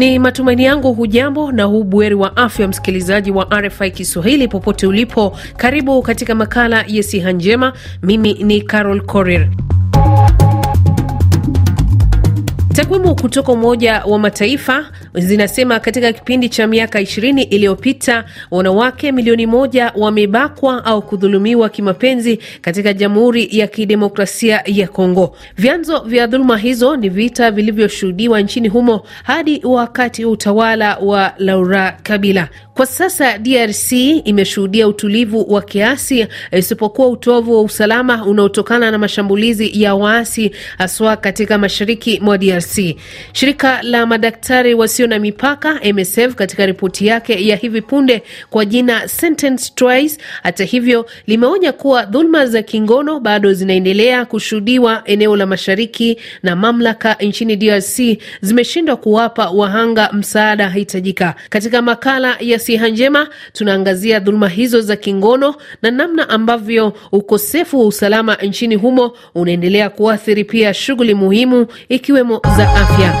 Ni matumaini yangu hujambo na huu bweri wa afya, msikilizaji wa RFI Kiswahili popote ulipo. Karibu katika makala ya siha njema. Mimi ni Carol Korir. Takwimu kutoka Umoja wa Mataifa zinasema katika kipindi cha miaka ishirini iliyopita wanawake milioni moja wamebakwa au kudhulumiwa kimapenzi katika Jamhuri ya Kidemokrasia ya Kongo. Vyanzo vya dhuluma hizo ni vita vilivyoshuhudiwa nchini humo hadi wakati wa utawala wa Laura Kabila. Kwa sasa DRC imeshuhudia utulivu wa kiasi, isipokuwa utovu wa usalama unaotokana na mashambulizi ya waasi, haswa katika mashariki mwa DRC. Shirika la madaktari wasio na mipaka MSF katika ripoti yake ya hivi punde kwa jina Sentence Twice, hata hivyo, limeonya kuwa dhuluma za kingono bado zinaendelea kushuhudiwa eneo la mashariki na mamlaka nchini DRC zimeshindwa kuwapa wahanga msaada hitajika. Katika makala ya Siha Njema tunaangazia dhuluma hizo za kingono na namna ambavyo ukosefu wa usalama nchini humo unaendelea kuathiri pia shughuli muhimu ikiwemo za afya.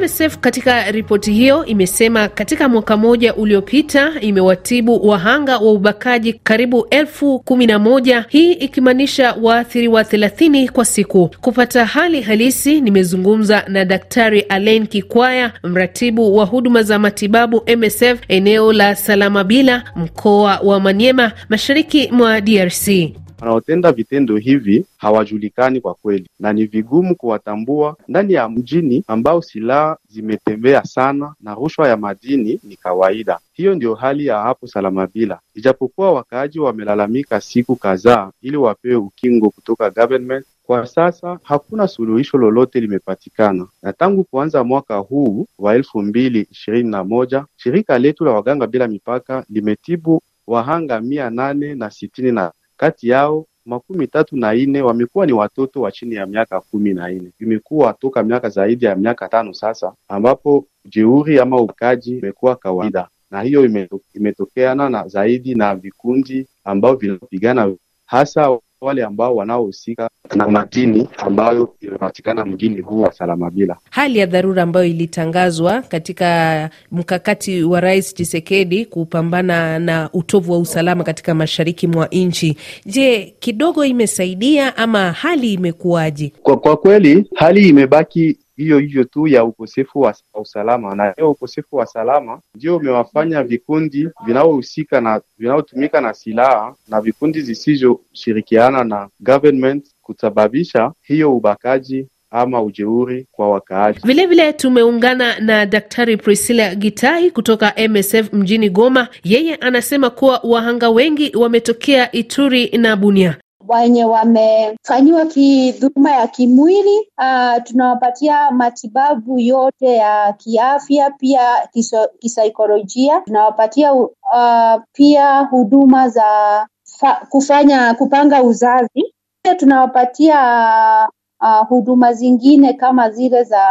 MSF katika ripoti hiyo imesema katika mwaka mmoja uliopita imewatibu wahanga wa ubakaji karibu elfu kumi na moja, hii ikimaanisha waathiriwa thelathini kwa siku. Kupata hali halisi, nimezungumza na Daktari Alen Kikwaya, mratibu wa huduma za matibabu MSF eneo la Salamabila, mkoa wa Manyema, mashariki mwa DRC. Wanaotenda vitendo hivi hawajulikani kwa kweli, na ni vigumu kuwatambua ndani ya mjini ambao silaha zimetembea sana na rushwa ya madini ni kawaida. Hiyo ndio hali ya hapo Salamabila, ijapokuwa wakaaji wamelalamika siku kadhaa ili wapewe ukingo kutoka government. Kwa sasa hakuna suluhisho lolote limepatikana, na tangu kuanza mwaka huu wa elfu mbili ishirini na moja shirika letu la Waganga Bila Mipaka limetibu wahanga mia nane na sitini na kati yao makumi tatu na nne wamekuwa ni watoto wa chini ya miaka kumi na nne. Imekuwa toka miaka zaidi ya miaka tano sasa, ambapo jeuri ama ukaji imekuwa kawaida, na hiyo imetokeana na zaidi na vikundi ambao vinapigana hasa wale ambao wanaohusika na matini ambayo imepatikana mjini huu wa Salamabila. Hali ya dharura ambayo ilitangazwa katika mkakati wa Rais Tshisekedi kupambana na utovu wa usalama katika mashariki mwa nchi, je, kidogo imesaidia ama hali imekuwaje? Kwa, kwa kweli hali imebaki hiyo hiyo tu ya ukosefu wa usalama, na hiyo ukosefu wa salama ndio umewafanya vikundi vinavyohusika na vinavyotumika na silaha na vikundi zisizoshirikiana na government kusababisha hiyo ubakaji ama ujeuri kwa wakaaji. Vilevile tumeungana na Daktari Priscilla Gitai kutoka MSF mjini Goma. Yeye anasema kuwa wahanga wengi wametokea Ituri na Bunia wenye wamefanyiwa kidhuma ya kimwili. Uh, tunawapatia matibabu yote ya kiafya pia kisaikolojia. Tunawapatia uh, pia huduma za kufanya kupanga uzazi. Pia tunawapatia uh, huduma zingine kama zile za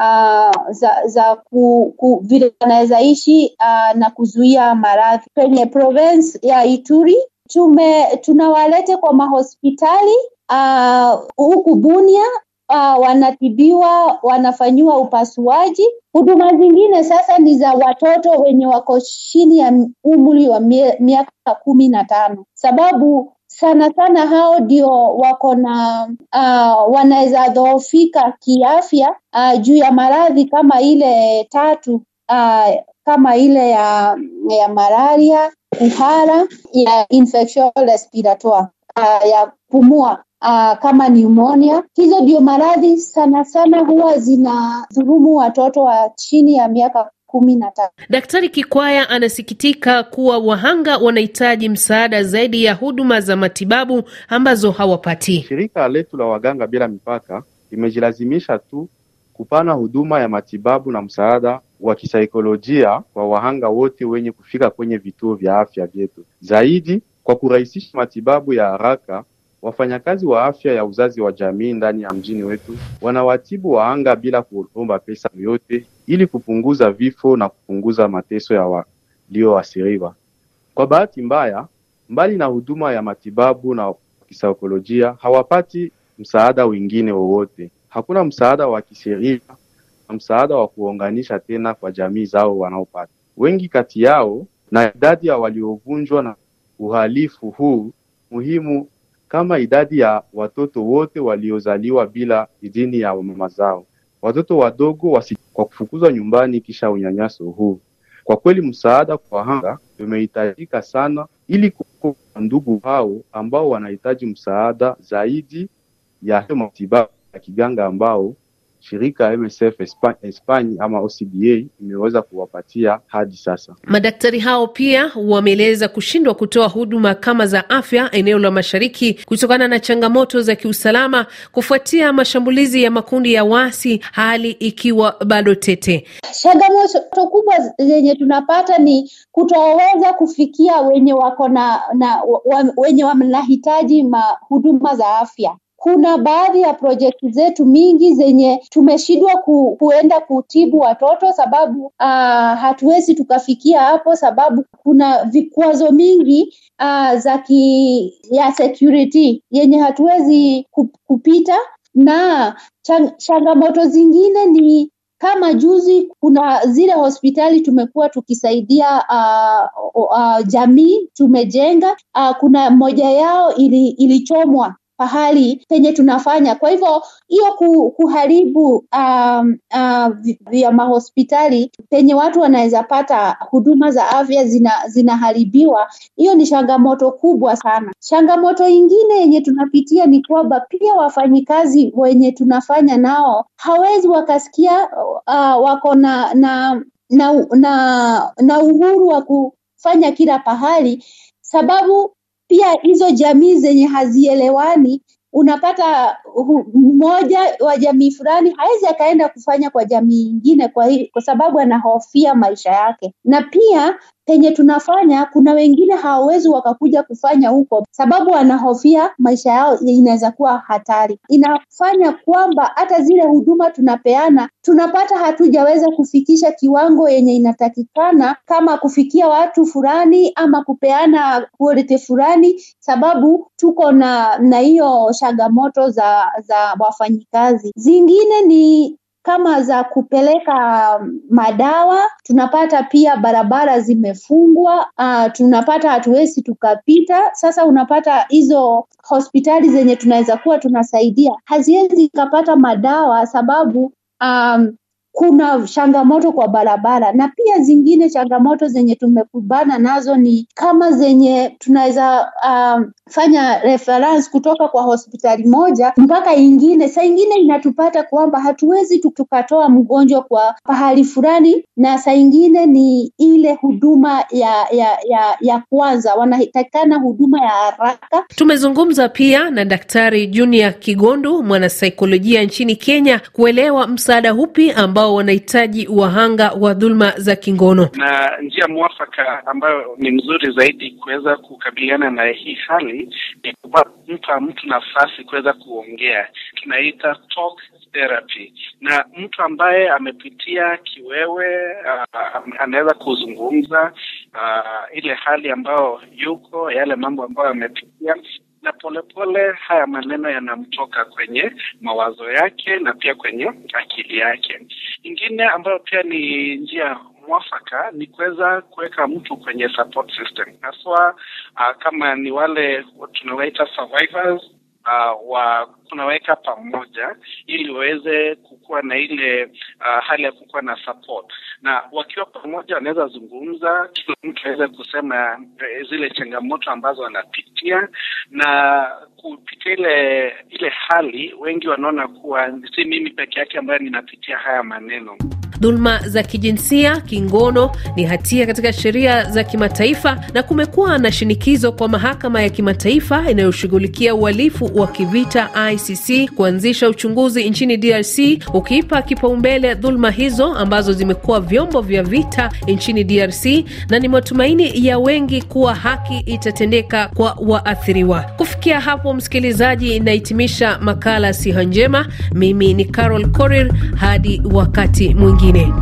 Uh, za za ku, ku, vile wanaweza ishi uh, na kuzuia maradhi kwenye province ya Ituri tume tunawalete kwa mahospitali uh, huku Bunia uh, wanatibiwa, wanafanyiwa upasuaji. Huduma zingine sasa ni za watoto wenye wako chini ya umri wa miaka kumi na tano sababu sana sana hao ndio wako na uh, wanaweza dhoofika kiafya uh, juu ya maradhi kama ile tatu uh, kama ile ya, ya malaria kuhara, ya infection respiratoire, uh, ah, ya kupumua uh, kama pneumonia. Hizo ndio maradhi sana sana huwa zinadhulumu watoto wa chini ya miaka kumi na tatu. Daktari Kikwaya anasikitika kuwa wahanga wanahitaji msaada zaidi ya huduma za matibabu ambazo hawapati. Shirika letu la Waganga Bila Mipaka limejilazimisha tu kupana huduma ya matibabu na msaada wa kisaikolojia kwa wahanga wote wenye kufika kwenye vituo vya afya vyetu. Zaidi, kwa kurahisisha matibabu ya haraka, wafanyakazi wa afya ya uzazi wa jamii ndani ya mjini wetu wanawatibu wahanga bila kuomba pesa yoyote, ili kupunguza vifo na kupunguza mateso ya walioathiriwa. Kwa bahati mbaya, mbali na huduma ya matibabu na kisaikolojia, hawapati msaada wengine wowote. Hakuna msaada wa kisheria msaada wa kuunganisha tena kwa jamii zao wanaopata. Wengi kati yao na idadi ya waliovunjwa na uhalifu huu muhimu kama idadi ya watoto wote waliozaliwa bila idhini ya mama zao, watoto wadogo wasi, kwa kufukuzwa nyumbani kisha unyanyaso huu. Kwa kweli msaada kwa hanga umehitajika sana, ili kukua ndugu hao ambao wanahitaji msaada zaidi ya matibabu ya kiganga ambao shirika MSF Espanya ama OCDA imeweza kuwapatia hadi sasa. Madaktari hao pia wameeleza kushindwa kutoa huduma kama za afya eneo la mashariki kutokana na changamoto za kiusalama kufuatia mashambulizi ya makundi ya wasi, hali ikiwa bado tete. Changamoto kubwa zenye tunapata ni kutoweza kufikia wenye wako na, na wenye wanahitaji huduma za afya kuna baadhi ya projekti zetu mingi zenye tumeshindwa ku, kuenda kutibu watoto sababu uh, hatuwezi tukafikia hapo sababu kuna vikwazo mingi uh, za ki, ya security yenye hatuwezi kupita na chang, changamoto zingine ni kama juzi kuna zile hospitali tumekuwa tukisaidia uh, uh, jamii tumejenga uh, kuna moja yao ili, ilichomwa pahali penye tunafanya. Kwa hivyo hiyo kuharibu um, uh, vya mahospitali penye watu wanaweza pata huduma za afya zina, zinaharibiwa, hiyo ni changamoto kubwa sana. Changamoto ingine yenye tunapitia ni kwamba pia wafanyikazi wenye tunafanya nao hawezi wakasikia uh, wako na na na, na, na uhuru wa kufanya kila pahali sababu pia hizo jamii zenye hazielewani, unapata mmoja wa jamii fulani hawezi akaenda kufanya kwa jamii ingine kwa, kwa sababu anahofia maisha yake, na pia penye tunafanya, kuna wengine hawawezi wakakuja kufanya huko, sababu wanahofia maisha yao inaweza kuwa hatari. Inafanya kwamba hata zile huduma tunapeana tunapata hatujaweza kufikisha kiwango yenye inatakikana, kama kufikia watu fulani ama kupeana kuolete fulani, sababu tuko na na hiyo changamoto za za wafanyikazi. Zingine ni kama za kupeleka um, madawa. Tunapata pia barabara zimefungwa, uh, tunapata hatuwezi tukapita. Sasa unapata hizo hospitali zenye tunaweza kuwa tunasaidia haziwezi kapata madawa sababu um, kuna changamoto kwa barabara, na pia zingine changamoto zenye tumekumbana nazo ni kama zenye tunaweza um, fanya reference kutoka kwa hospitali moja mpaka ingine. Saa ingine inatupata kwamba hatuwezi tukatoa mgonjwa kwa pahali fulani, na saa ingine ni ile huduma ya ya ya, ya kwanza, wanatakikana huduma ya haraka. Tumezungumza pia na Daktari Junior Kigondu, mwanasaikolojia nchini Kenya, kuelewa msaada upi ambao ambao wanahitaji wahanga wa dhuluma za kingono. Na njia mwafaka ambayo ni mzuri zaidi kuweza kukabiliana na hii hali ni kumpa mtu nafasi kuweza kuongea, tunaita talk therapy, na mtu ambaye amepitia kiwewe anaweza kuzungumza uh, ile hali ambayo yuko, yale mambo ambayo amepitia na polepole pole, haya maneno yanamtoka kwenye mawazo yake na pia kwenye akili yake. Ingine ambayo pia ni njia mwafaka ni kuweza kuweka mtu kwenye support system haswa, uh, kama ni wale tunawaita survivors uh, wa tunaweka pamoja ili waweze kukuwa na ile uh, hali ya kukuwa na support, na wakiwa pamoja wanaweza zungumza, kila mtu aweze kusema eh, zile changamoto ambazo wanapitia, na kupitia ile ile hali, wengi wanaona kuwa si mimi peke yake ambaye ninapitia haya maneno. Dhuluma za kijinsia, kingono ni hatia katika sheria za kimataifa, na kumekuwa na shinikizo kwa mahakama ya kimataifa inayoshughulikia uhalifu wa kivita ICC kuanzisha uchunguzi nchini DRC ukiipa kipaumbele dhuluma hizo ambazo zimekuwa vyombo vya vita nchini DRC, na ni matumaini ya wengi kuwa haki itatendeka kwa waathiriwa. Kufikia hapo, msikilizaji, inahitimisha makala Siha Njema. Mimi ni Carol Korir, hadi wakati mwingine.